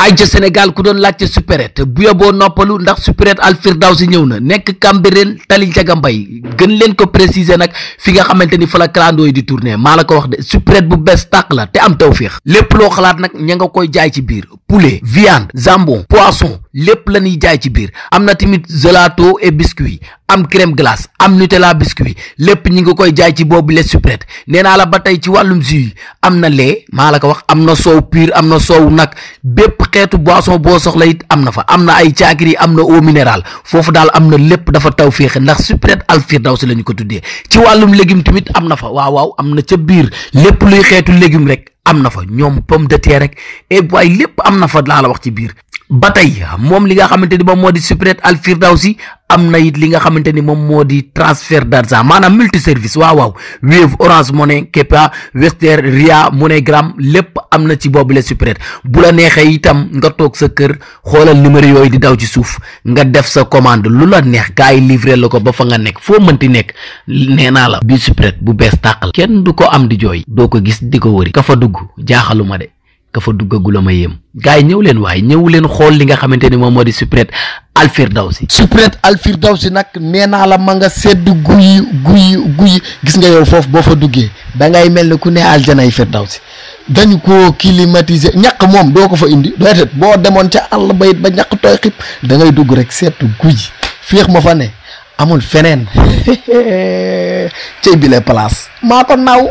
ay ca Sénégal ku doon laajte supérette bu yoboo noppalu ndax supérette si ñëw na nekk Cambérène tali Njaga Mbay gën leen ko préciser nag fi nga xamante ni fa la clando yi di tourner maa la ko wax de supérette bu bees tàq la te am tawféex lépp loo xalaat nag ña nga koy jaay ci biir poulet viande jambon poisson lépp la ñuy jaay ci biir am na tamit gelato et biscuit am crème glace am Nutella biscuit lépp ñi ngi koy jaay ci boobu les suprette nee naa la ba tey ci wàllum jus am na lait maa la ko wax am na soow piir am na soow nag bépp xeetu boison boo soxla it am na fa am na ay caakiri am na eau minérale foofu daal am na lépp dafa taw féexe ndax suprette Alfirdawsi la ñu ko tuddee ci wàllum légume tamit am na fa waaw waaw am na ca biir lépp luy xeetu légume rek am na fa ñoom pomme de terre rek et lépp am na fa laa wax ci biir ba tey moom li nga xamante ni moom moo di supérette Al Firdawsi am na it li nga xamante ni moom moo di transfert d'argent maanaam multiservice waaw waaw Wave Orange Money Kepa Western Ria MoneyGram lépp am na ci boobu la supérette bu la neexee itam nga toog sa kër xoolal numéro yooyu di daw ci suuf nga def sa commande lu la neex gars yi la ko ba fa nga nekk foo mënti nekk nee naa la bi supérette bu bees tàqal kenn du ko am di jooy doo ko gis di ko wëri ka fa dugg jaaxaluma de ka fa duggagula ma yem gaay ñew leen way ñew leen xol li nga xamanteni ni modi moo di supret alfirdausi nak suprete nak dawsi la ma nga sedd guuy guuy guuy gis nga yow fofu bo fa duggé da ngay melni ku ne aljana yi dañ ko climatiser ñak mom do ko fa indi déedéet boo demoon ca àll ba it ba ñak toy xip da ngay dugg rek sedd guuy féex ma fa ne amul feneen cey bile place ma ko naw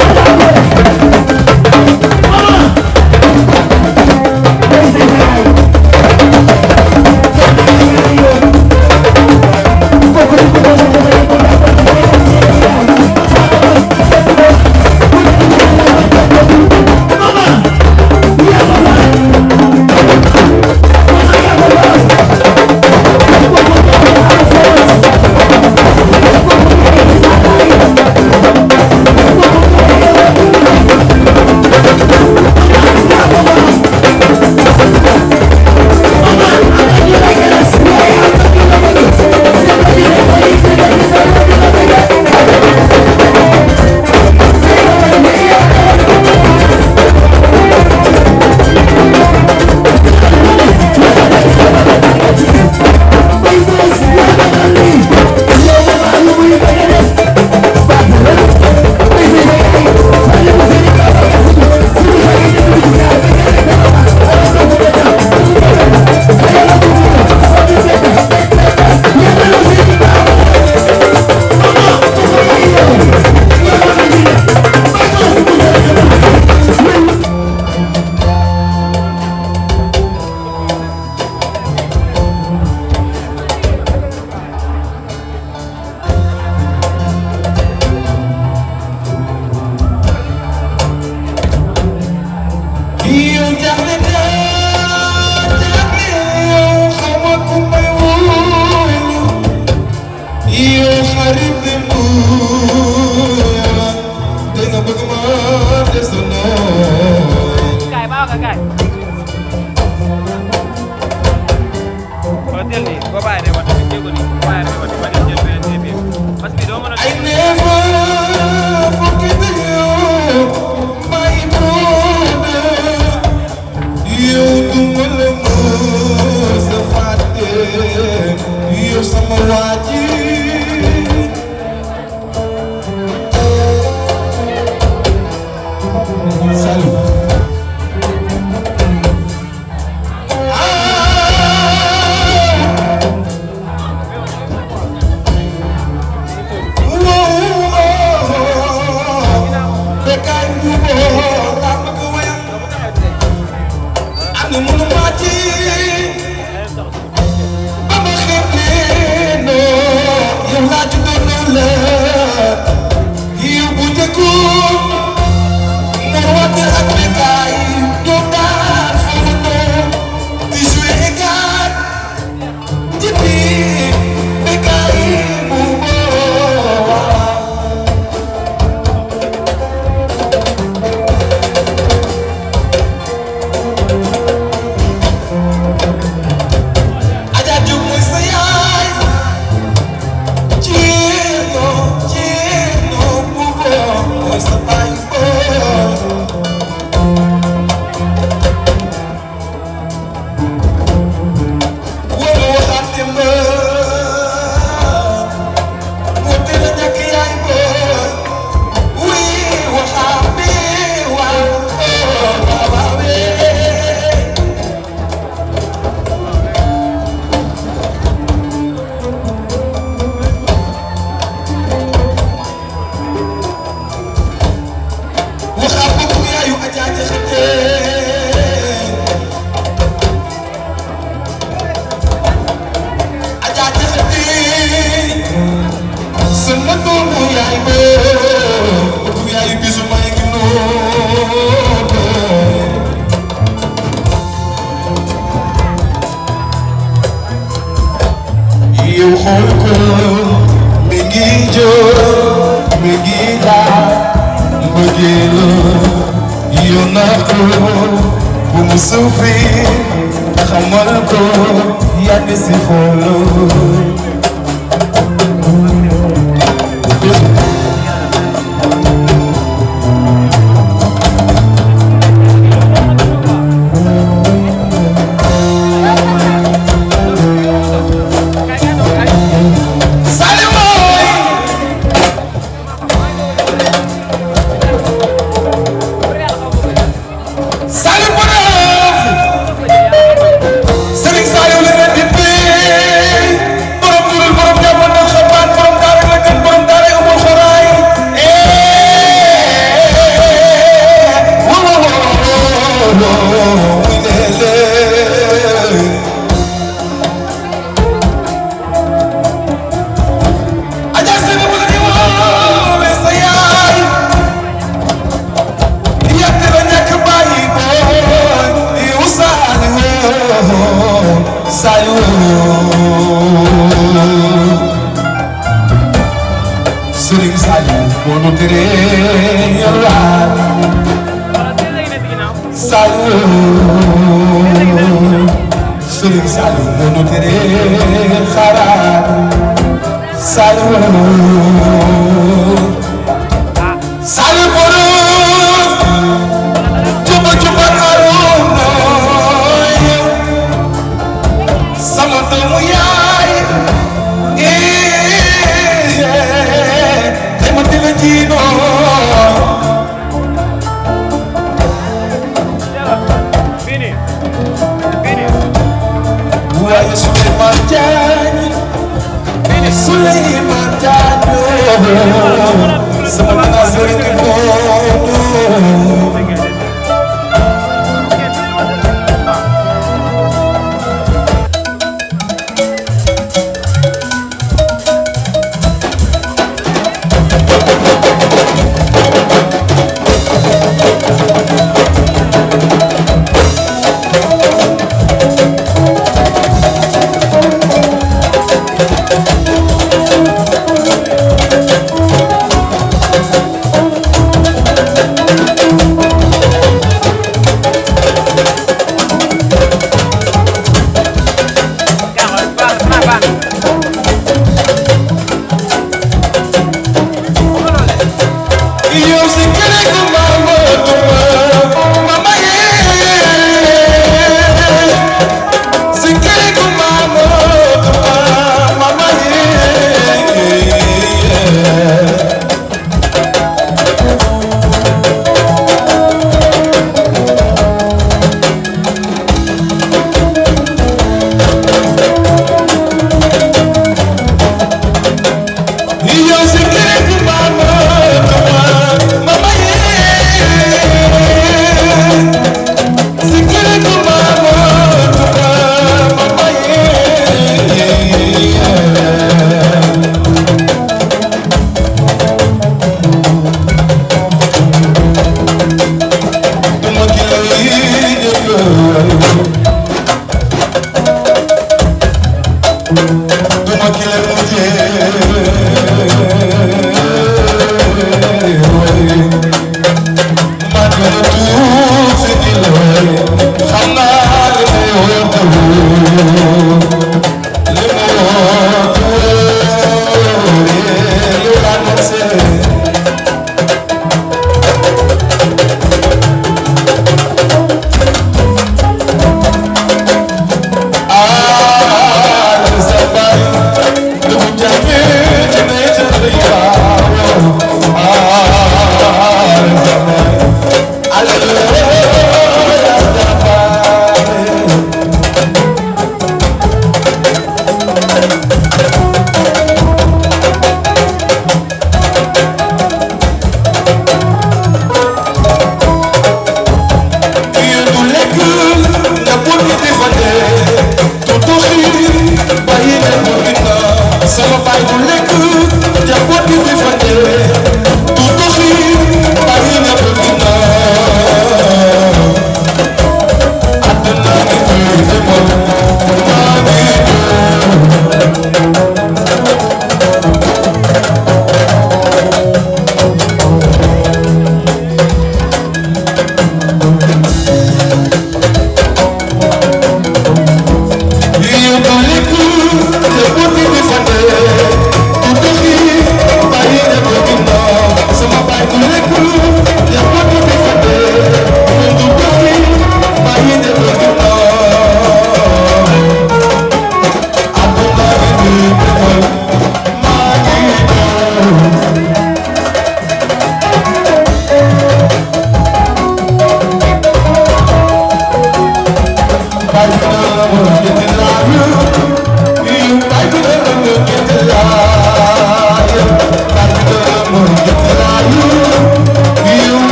Y yo sé que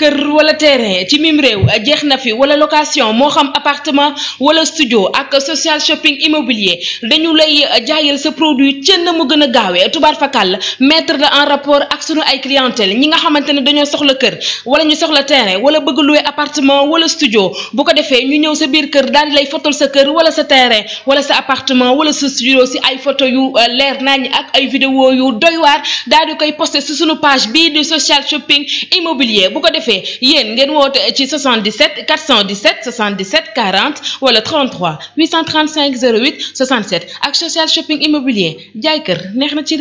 kër wala terrain ci mim réew jeex fi wala location mo xam appartement wala studio ak social shopping immobilier dañu lay jaayal sa produit cenn mu gën a gaawee fakal mettre la en rapport ak suñu ay clientèle ñi nga xamante ne dañoo soxla kër wala ñu soxla terrain wala bëgg louer appartement wala studio bu ko défé ñu ñëw sa biir kër daal di lay fotol sa kër wala sa terrain wala sa appartement wala sa studio ci ay photo yu euh, leer nañ ak ay vidéo yu doy waar daal di koy poster si suñu page bi social shopping immobilier bu ko Yen, yéen ngeen ci 77 417 77 40 wala 33 835 08 67 ak social shopping immobilier jaay kër neex ci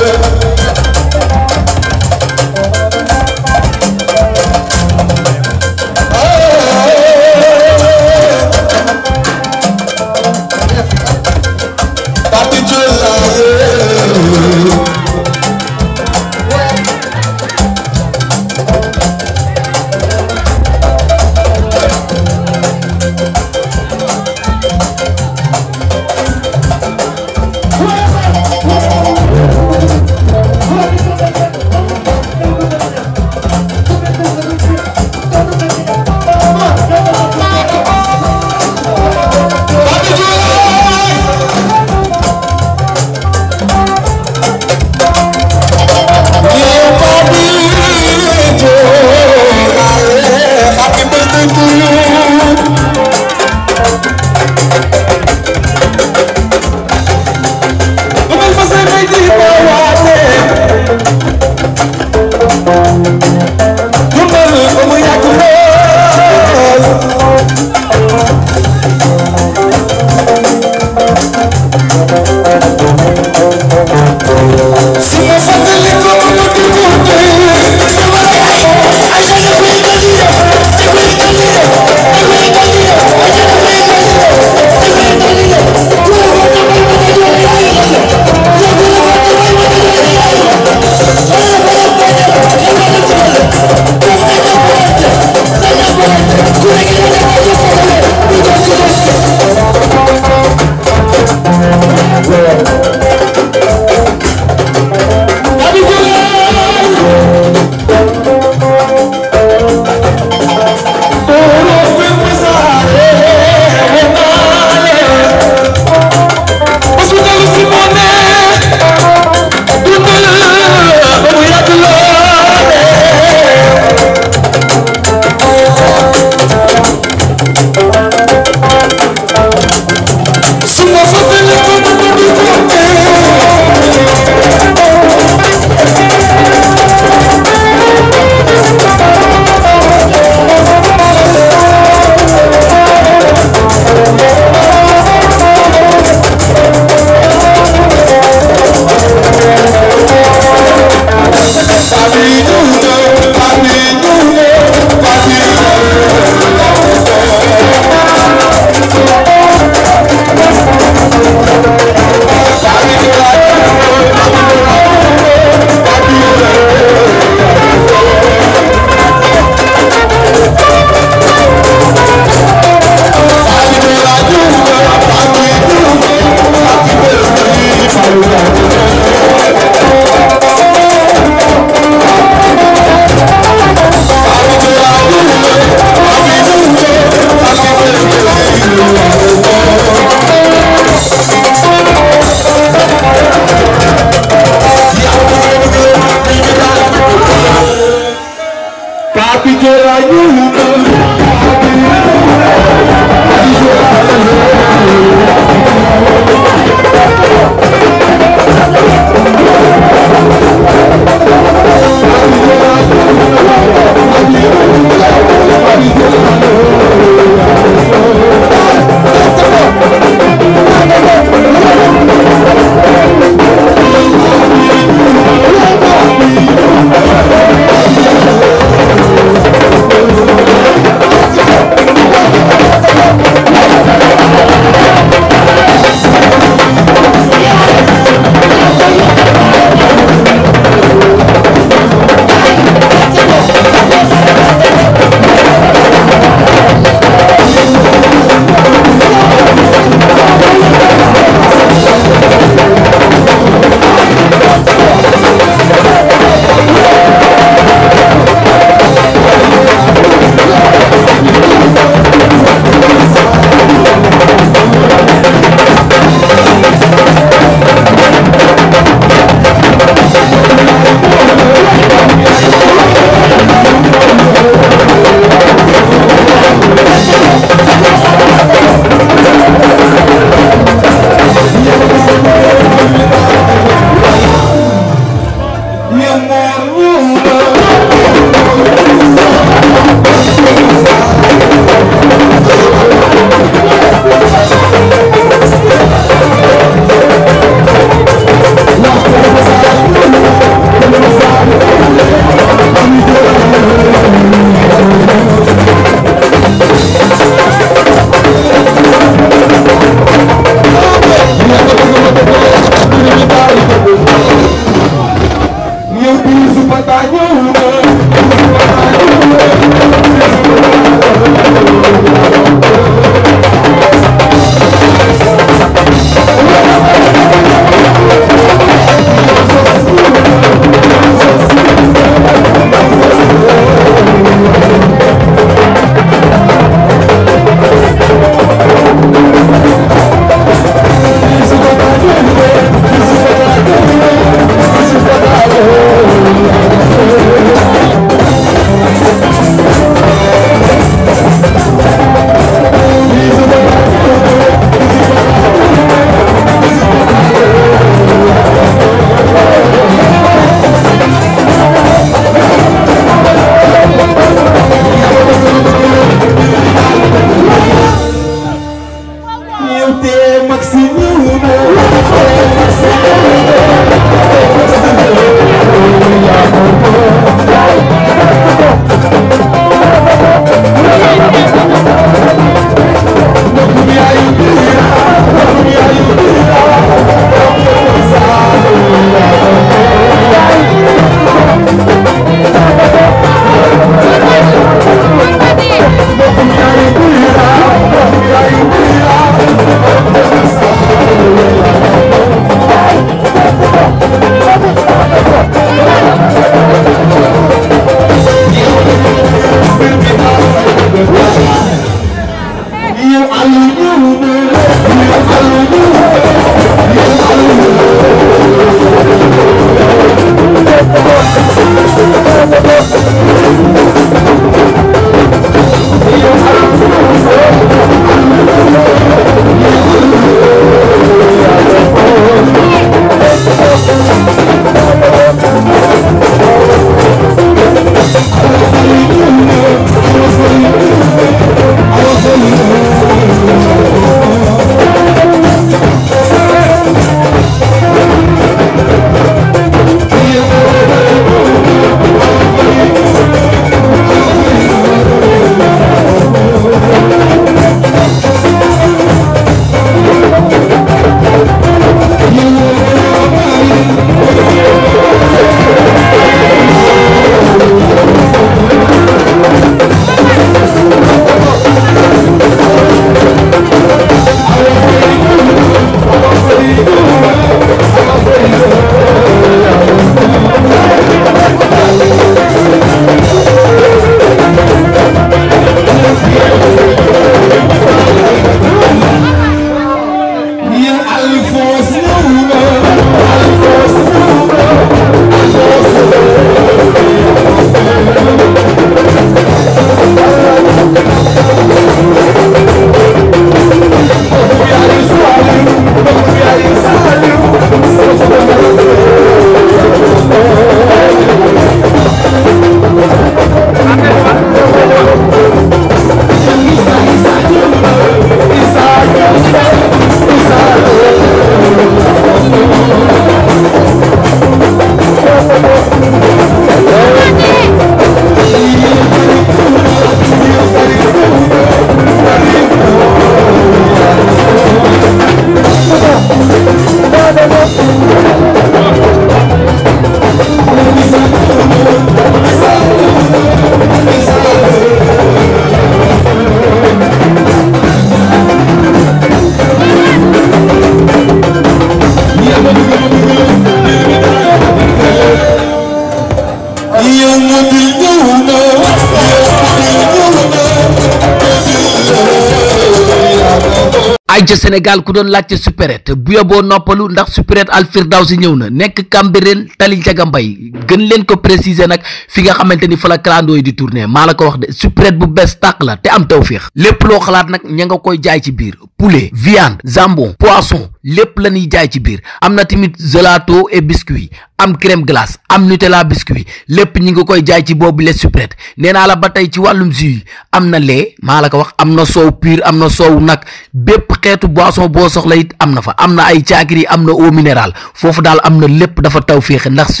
feneen Sénégal ku doon laajte supérette bu yoboo noppalu ndax supérette Al Firdaws si ñëw na nekk Cambérène tali Njaga Mbay gën leen ko préciser nag fi nga xamante ni fa la clando yi di tourner maa la ko wax de supprette bu bees tàq la te am tawféex lépp loo xalaat nag ña nga koy jaay ci biir poulet viande jambon poisson lépp la ñuy jaay ci biir am na tamit gelato et biscuit am crème glace am nutella biscuit lépp ñu nga koy jaay ci boobu les supprette nee naa la ba tey ci wàllum jus am na lait maa la ko wax am na soow piir am na soow nag bépp xeetu boisson boo soxla it am na fa am na ay caakiri am na eau foofu daal am lépp dafa tawféex ndax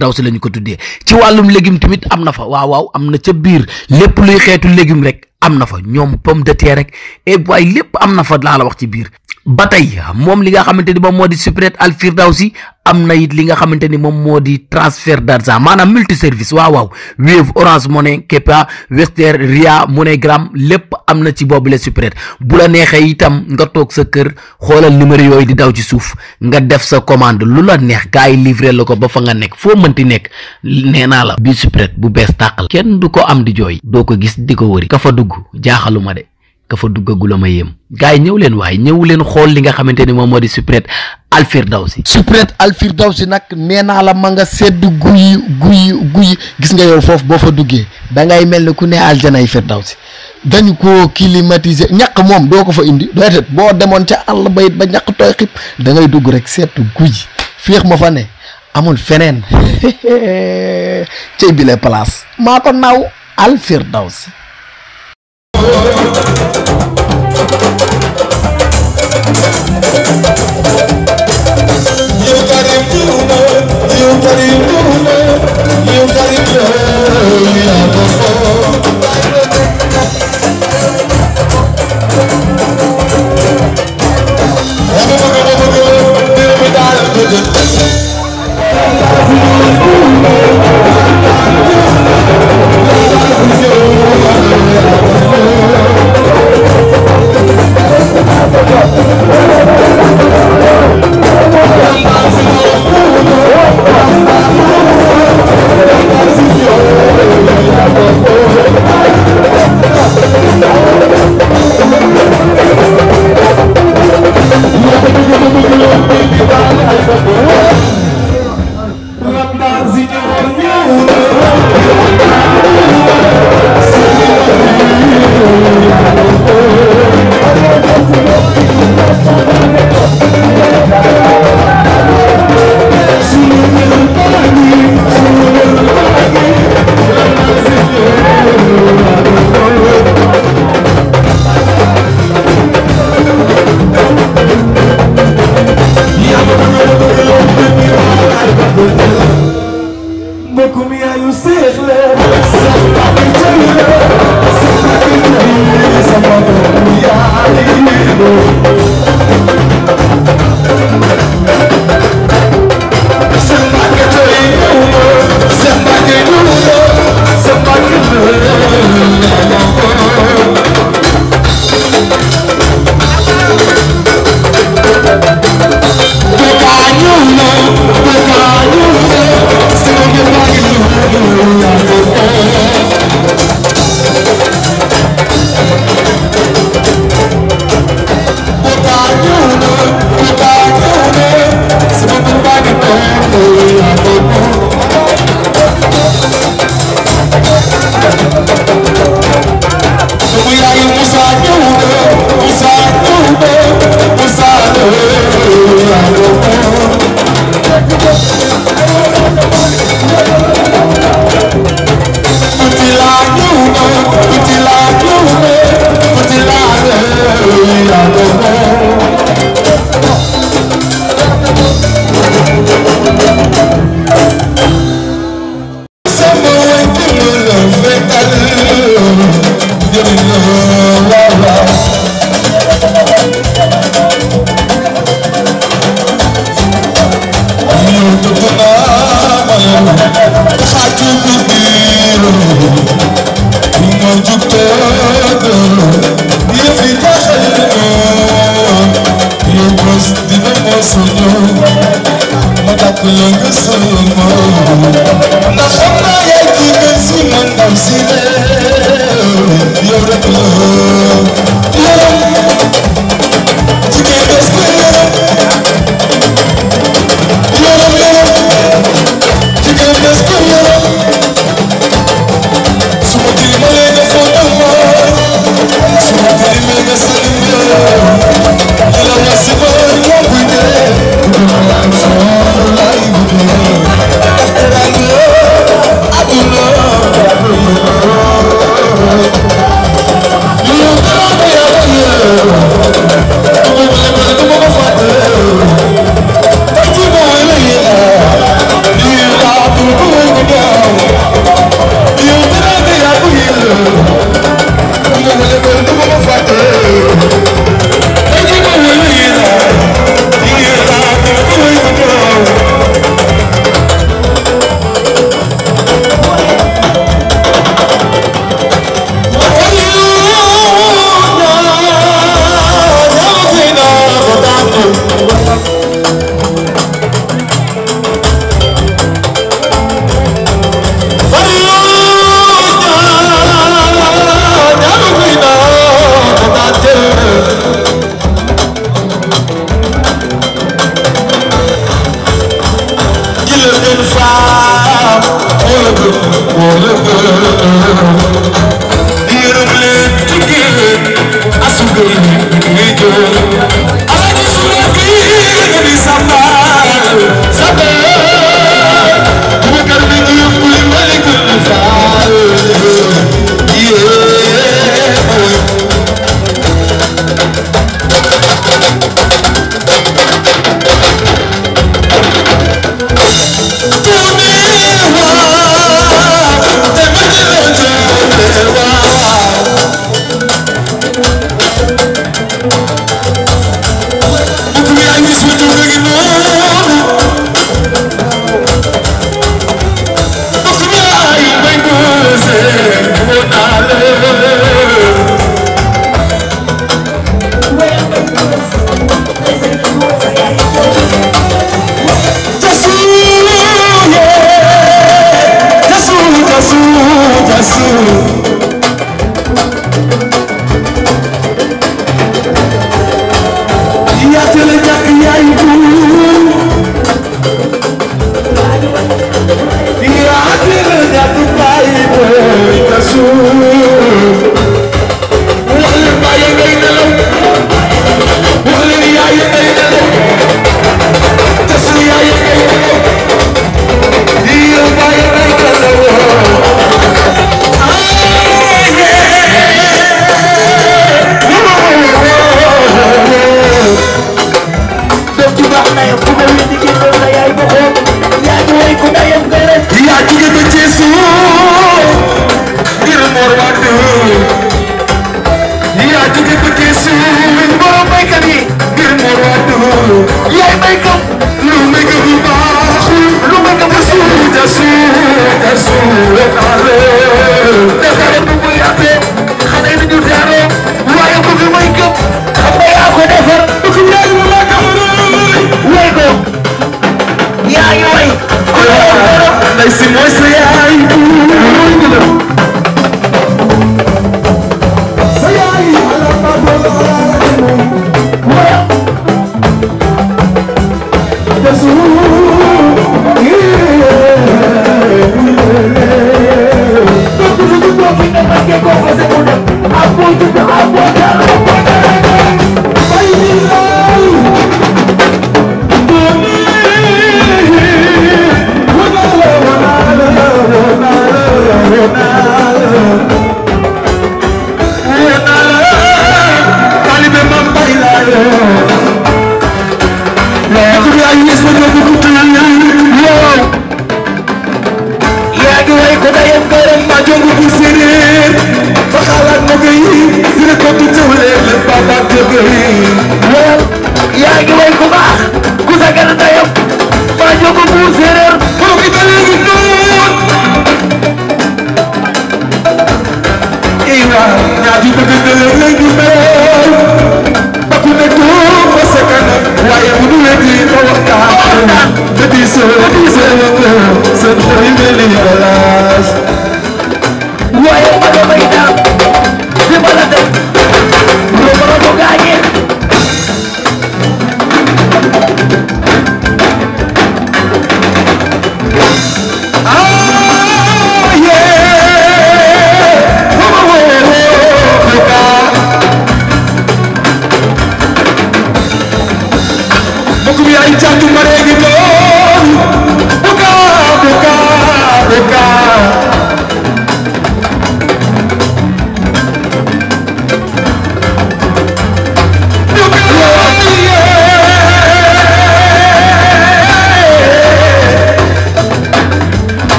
firdawsi lañu ko tuddé ci walum légume tamit amna fa waaw waaw amna ci bir lépp luy xétu légume rek amna fa ñom pomme de terre rek et boy lépp amna fa la la wax ci bir ba tey moom li nga xamante ni moom moo di supérette al firdawsi am na it li xamante ni moom moo di transfert d'argent maanaam multi service waaw waaw Wave Orange Money Kepa Western Ria gramm lépp am na ci boobu la supérette bu la neexee itam nga toog sa kër xoolal numéro yooyu di daw ci suuf nga def sa commande lu la neex gars yi la ko ba fa nga nekk foo mënti nekk nee naa la bii supérette bu bees tàqal kenn du ko am di jooy doo ko gis di ko wëri ka fa dugg jaaxaluma de ka fa duggagula ma yem gaay ñew leen way ñew leen xol li nga xamanteni mo modi supret alfirdawsi supret alfirdawsi nak nee naa la ma nga sedd guuy guuy guuy gis nga yow fofu bo fa duggé da ngay melni ku ne aljanay firdawsi dañ ko climatiser ñak mom do ko fa indi do tet bo demone ci ba it ba ñak toy xip da ngay dugg rek sedd guuy ma fa ne amul ci bi le place mako naw alfirdawsi You got it, you know, you got it, you know. Thank you.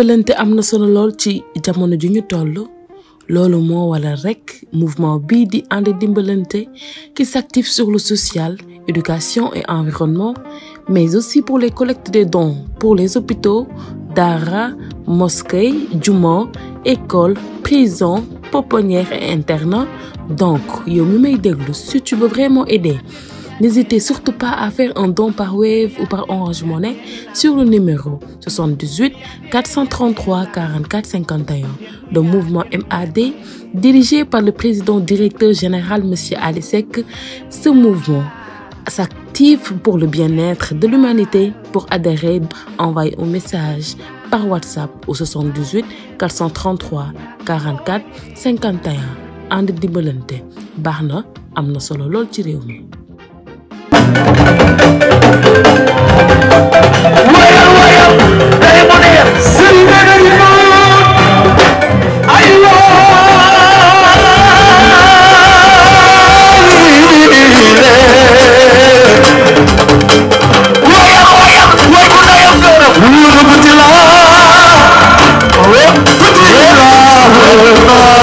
dimbalante am solo ci jamono ju ñu mouvement bii di ànd qui s'active sur le social éducation et environnement mais aussi pour les collectes de dons pour les hôpitaux Dara, mosquée juma école prison pouponnière et internats. donc yow mi may déglu si tu veux vraiment aider N'hésitez surtout pas à faire un don par Wave ou par Orange monnaie sur le numéro 78 433 44 51 le mouvement MAD dirigé par le président directeur général M. Alisek. Ce mouvement s'active pour le bien-être de l'humanité. Pour adhérer, envoyez un message par WhatsApp au 78 433 44 51 Ande Dibolente, Oh,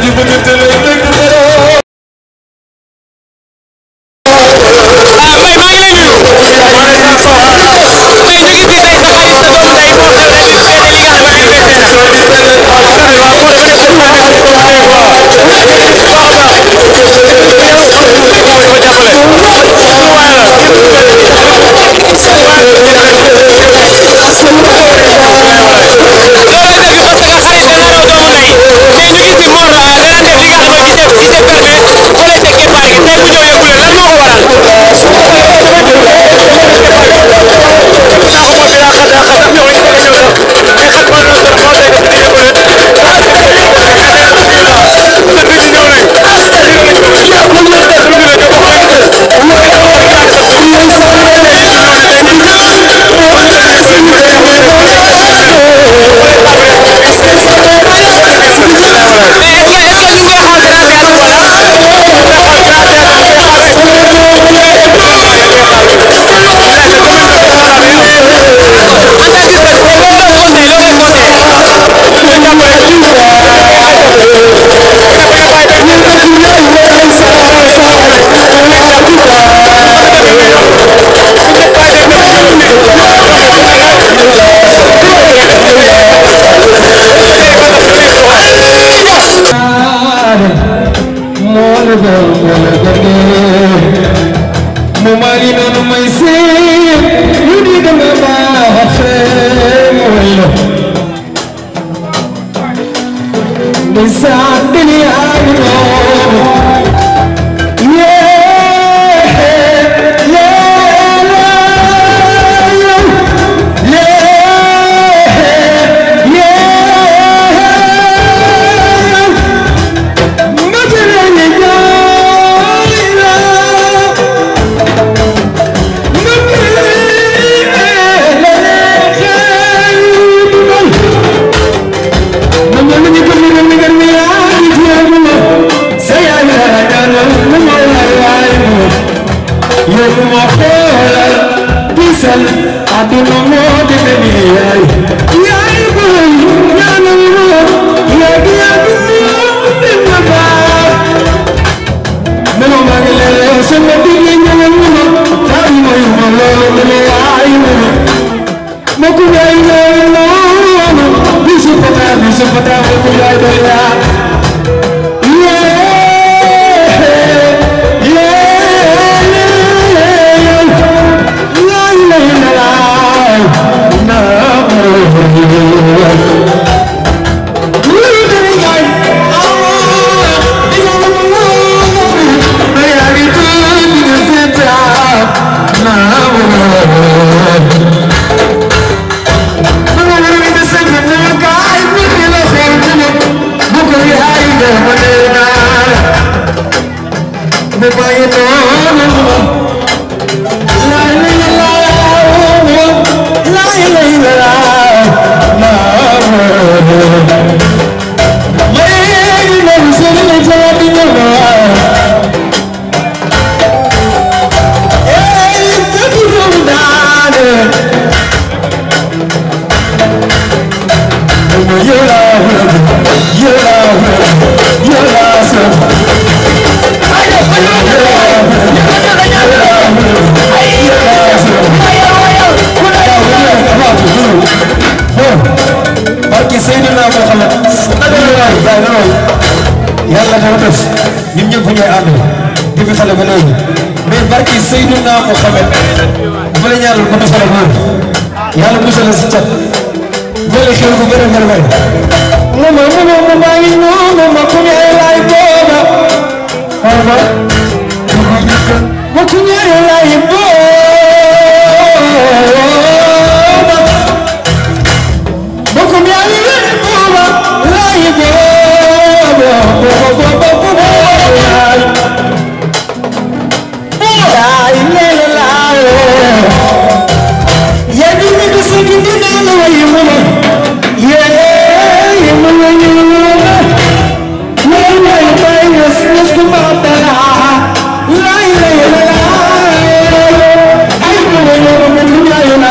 You the bunu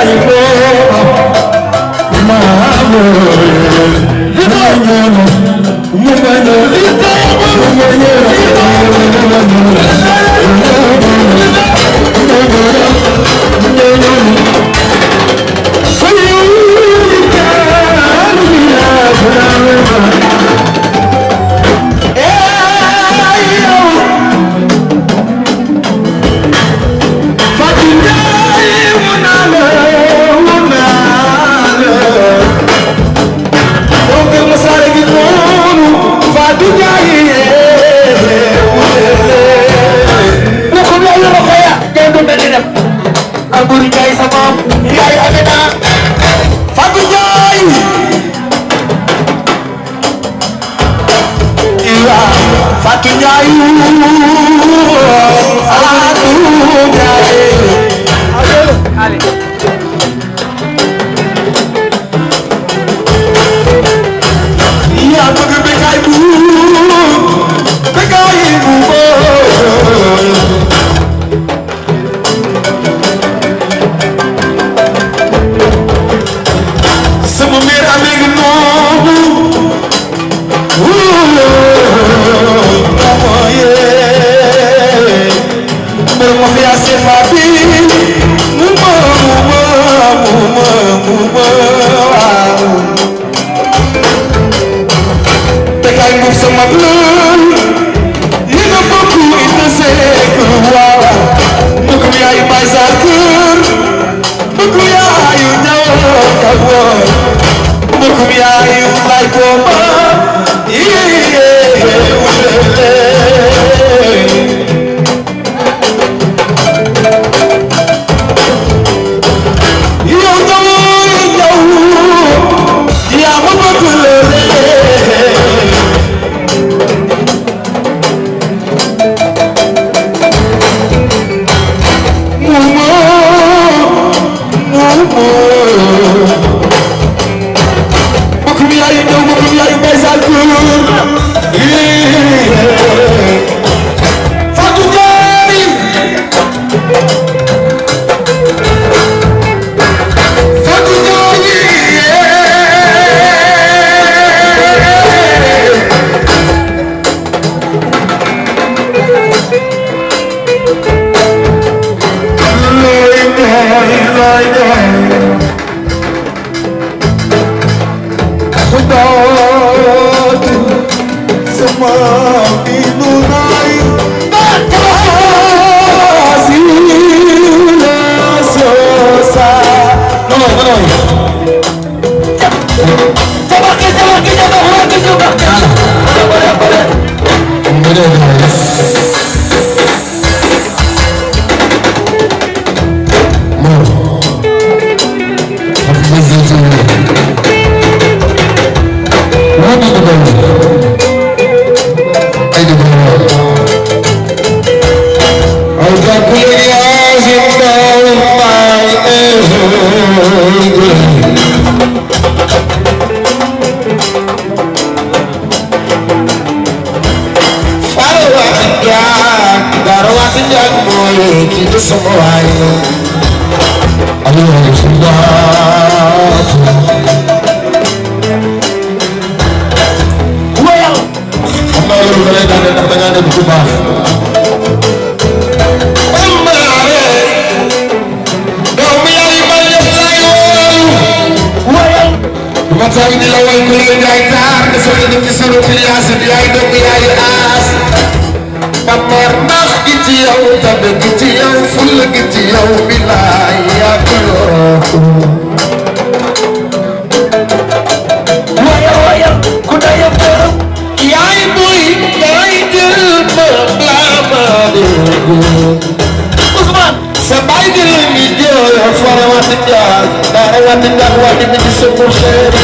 igbó máa mọ̀ mọ̀nyẹ̀rọ̀ mọ̀nyẹ̀rọ̀ mọ̀nyẹ̀rọ̀ mọ̀nyẹ̀rọ̀.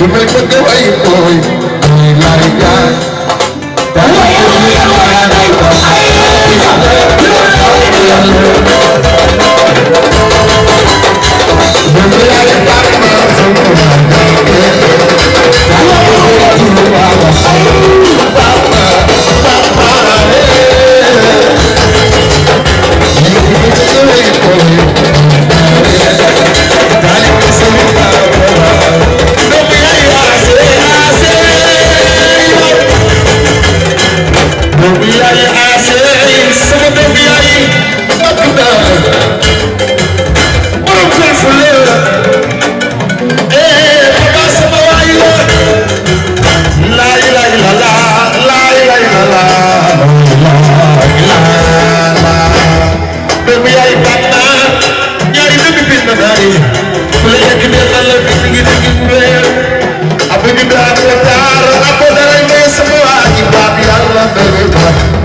You make me do it, boy. like that. you like that. You do me. you like that.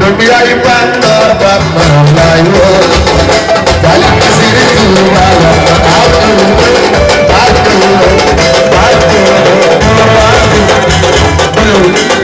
Omi ayé bá ń lọ bá máa láyé o. Bàlá kìsì rí tù wá lọ, á dùn ó, á dùn ó, á dùn ó, á dùn ó.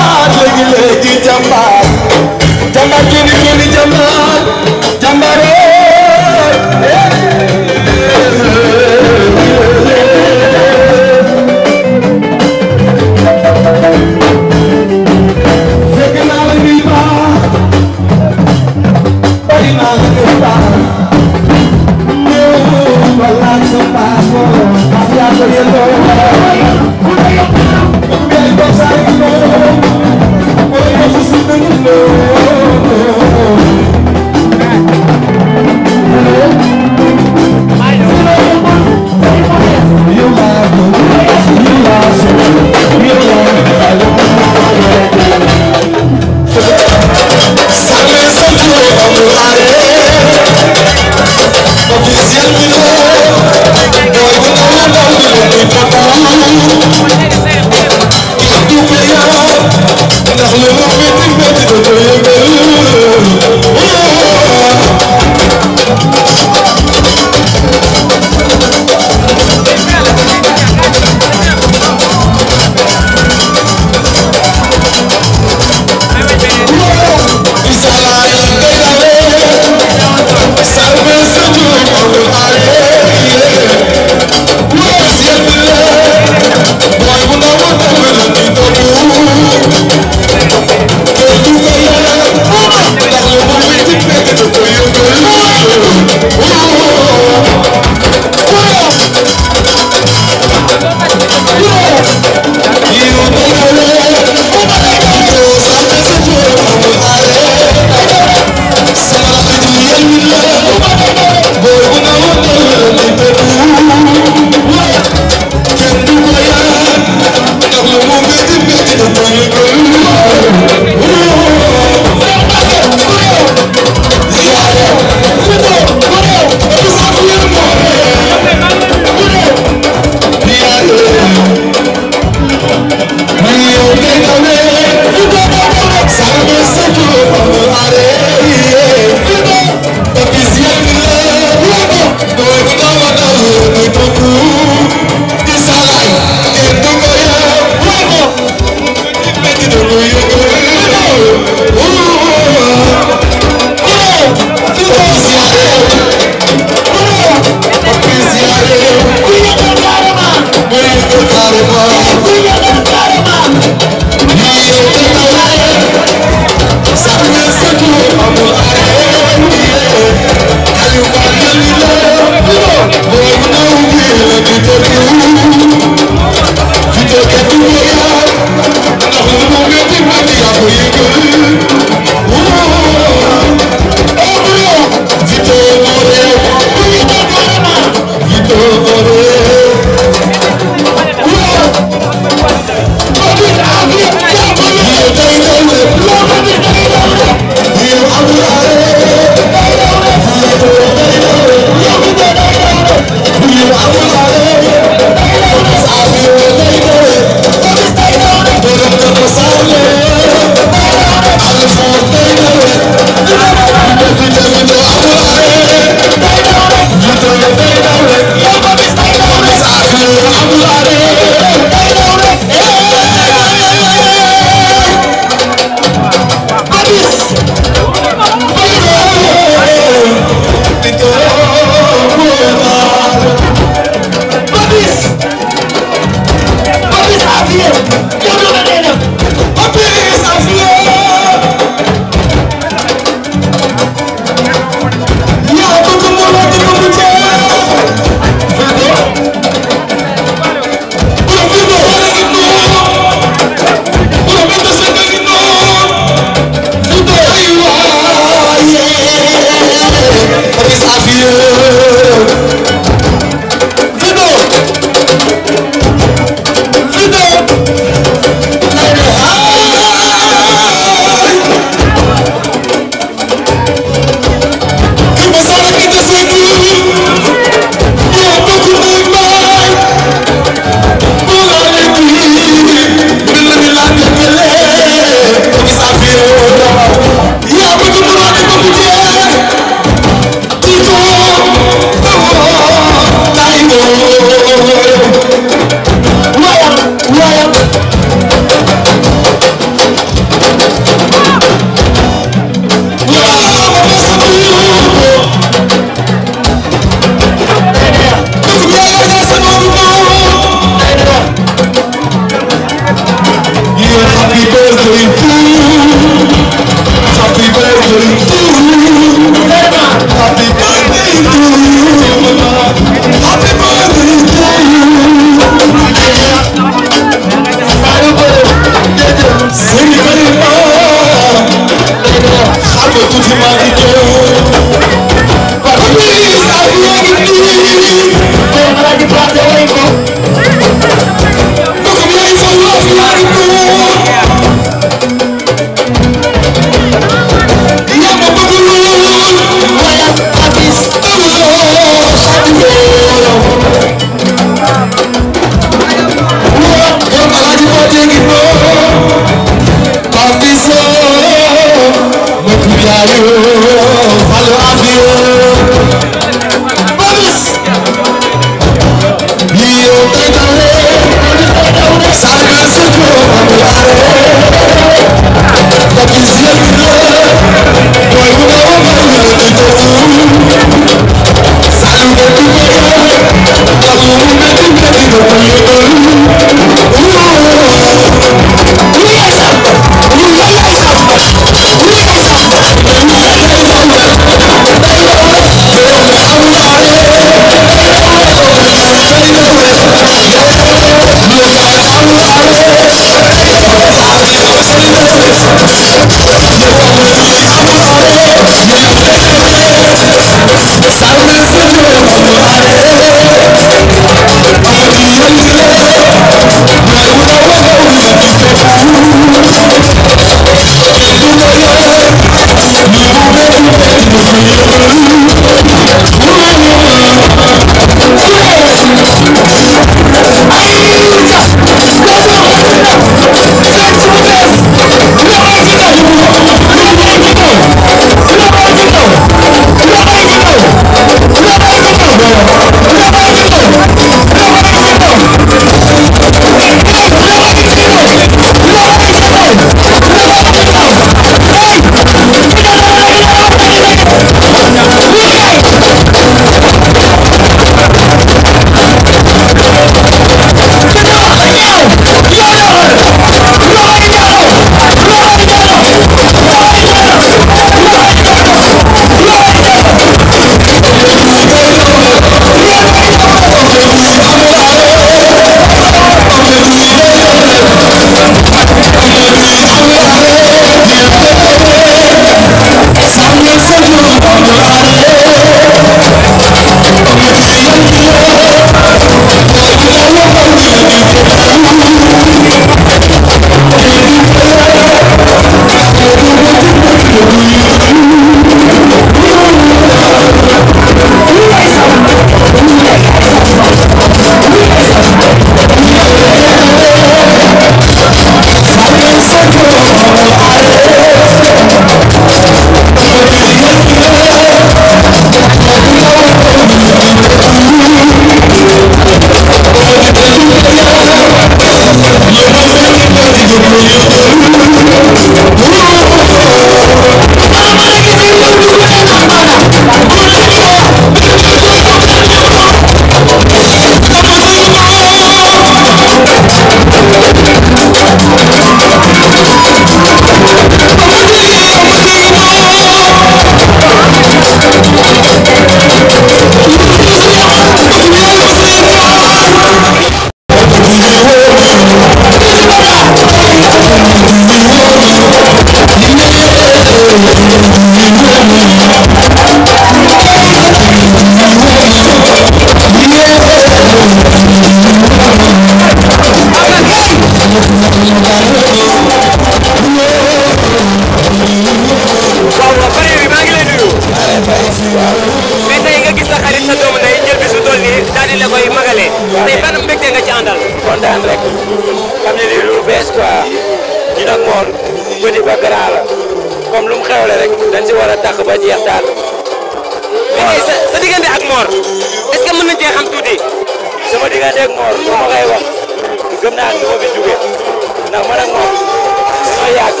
yàgg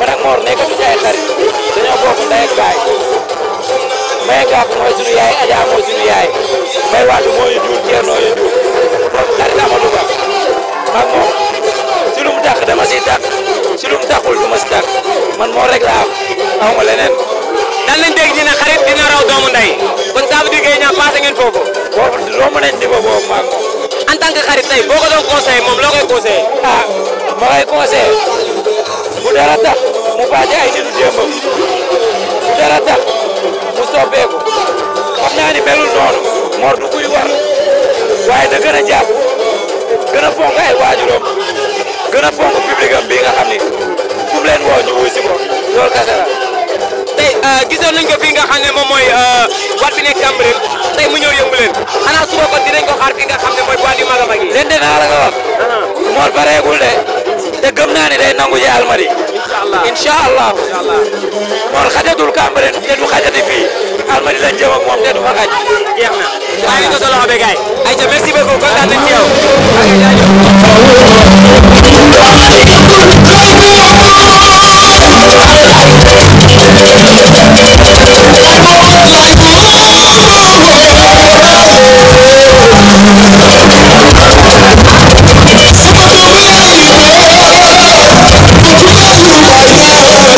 man ak Mor nekk nañu ay xarit dañoo bokk ndey ak baay Mbaye yaay Adja mooy sunu yaay Mbaye Wade moo ñu jur Thierno ñu jur kon xarit Amadou Ba man moom si lu mu dàq dama si dàq ma man moo rek laa am aw ma leneen. dal ne xarit dina raw doomu ndey kon ça veut ñaa passé ngeen foofu. boobu romb nañ niveau boobu maa ko. en tant que xarit tey boo ko doon conseillé moom loo koy conseillé. Ah, mudarata mupajai chinhu chemo mudarata musobeko ya, pamnani belu nono mordu kuiwara waina gëna jàpp gën a fonk ay waajuram gën a fonk public am bii nga xam ni fu mu leen woo ñu wuy si ko loolu kese la tey gisoon nañ ko fii nga xam ne moom mooy wat bi nekk Cambérène tey mu ñëw yëngu leen xanaa suba ko dinañ ko xaar fii nga xam ne mooy boîte Mor eh, eh, gitu eh, pareegul de te gëm naa ne nangu ji almari incha allah moom xajatul Cambérène te du xajati fii almari lañ jëm ak moom te du fa xaj. jeex na maa ngi ko loxo bi gaay ayca merci beaucoup kontaan nañ ci yow.